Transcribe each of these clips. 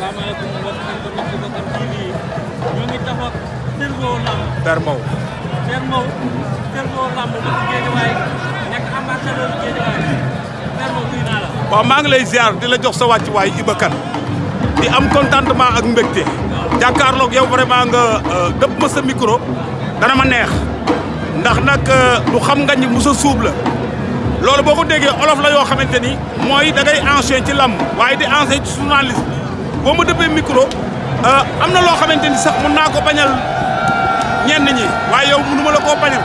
salaamaaleykum maa ngi lay ziar di jox sa wàccuwaay Iba bakkan di am contentement ak mbégte. jàkkaarloog yow vraiment nga euh, dëpp ma sa micro. dana ma neex. ndax nag euh, lu xam nga ni musa suub la. loolu boo ko déggee olof la yoo xamante ni mooy da ngay ci lamb waaye di ancien ci journaliste bo ma dëppee micro euh amna lo xamanteni sax mun na ko bañal ñen ñi waaye yow mënu ma la ko bañal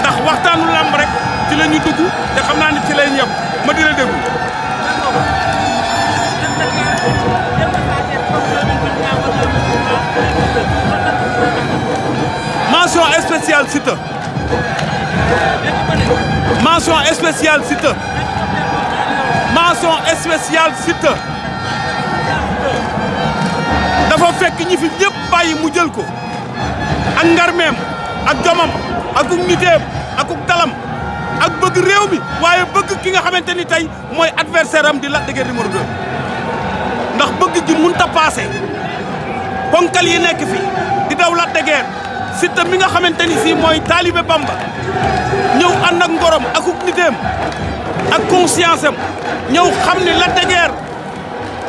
ndax waxtanu lamb rek ci lañu dugg te xamna ni ci lay ñëpp ma di la déglu. mention spéciale site mention spéciale site mention spéciale site fekk ñi fi ñepp bayyi mu jël ko ak ngarmeem ak domam ak uk ak uk talam ak bëgg réew mi waaye bëgg ki nga xamanteni tay mooy adversaire am di la de numéro 2 ndax bëgg gi ta passé ponkal yi nekk fi di daw la de Guiers Siteu mi nga xamanteni ni si mooy taalibe Bamba ñëw and ak ngorom ak uk ak conscience am ñëw xam ni Lac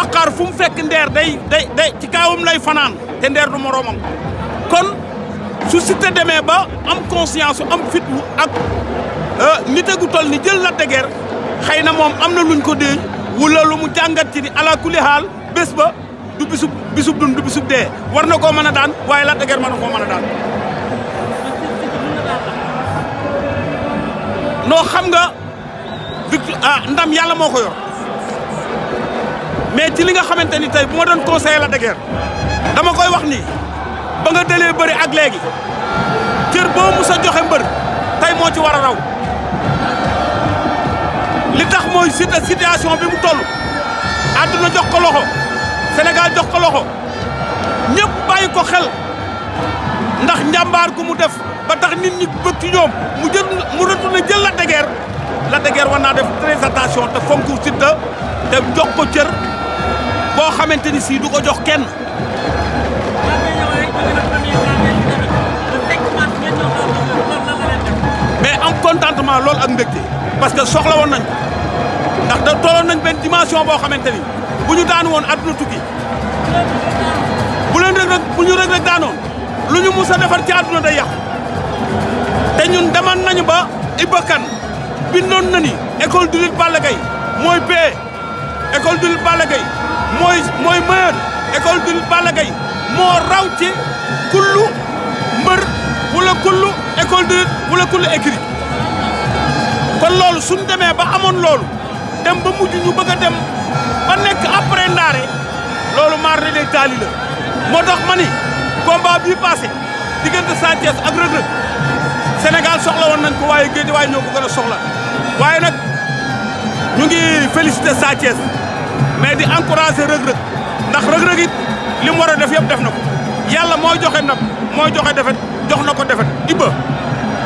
Bàkkaar fu mu fekk ndeer day day day ci kaawam lay fanaan te ndeer du moroomam kon su Siteu demee ba am conscience am fit ak euh, nite gu toll ni jël la tegeer xëy na moom am na luñ ko déey wala lu mu jàngat ci di ala kulli xaal bés ba du bisub bisub dun du bisub dee war na koo mën a daan waaye la tegeer mën na koo mën a daan noo xam nga victoire ah ndam yàlla moo ko yor mais ci li nga xamante ni tey bu ma doon conseiller la dëgër dama koy wax nii ba nga dëlee bëri ak léegi cër boo mus a joxe mbër tey moo ci war a raw li tax mooy Siteu situation bi mu toll àdduna jox ko loxo Sénégal jox ko loxo ñëpp bàyyi ko xel ndax njàmbaar gu mu def ba tax nit ñi bëgg ci ñoom mu jël mu retourné jël la dëgër la dëgër war naa def très attention te fonk Siteu te jox ko cër xamanteni si du ko jox kenn. mais am contentement loolu ak mbekté parce que soxla won nañ ndax da tolon nañ ben dimension bo xamanteni buñu bu ñu daan woon àdduna tukki bu len rek rek buñu rek rek daanon luñu musa defar ci aduna day yàqu té ñun demal nañu ba Iba bindon bindoon école du lit balagay moy mooy e, école du lit balagay mooy mooy meilleur école de Balla Gaye moo raw ci kullu mbër wala kullu école de wala kullu écrit kon loolu suñ demee ba amoon loolu dem ba mujj ñu bëgg a dem ba nekk après ndaare loolu marre de taali la moo tax ma ni combat bii passé diggante Sa Thiès ak Reug Reug Sénégal soxla woon nañ ko waaye Guédiawaye ñoo ko gën a soxla waaye nag ñu ngi félicité Sa Thiès mais di encourager rëg-rëg ndax rëg-rëg li mu war a def yëpp def na ko yàlla moo joxe ndam moo joxe defet jox na ko defet Iba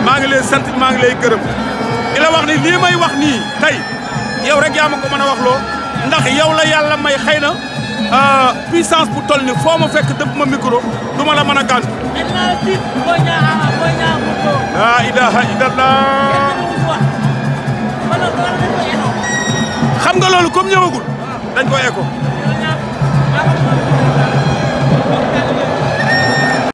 maa ngi lay sant maa ngi lay gërëm di wax ni lii may wax nii tey yow rek yaa ma ko mën a wax loo ndax yow la yàlla may xëy na euh, puissance bu tol ni foo ma fekk dëpp ma micro du ma la mën a gàntu laa ilaha illallah xam nga loolu comme ñëwagul dañ ko écho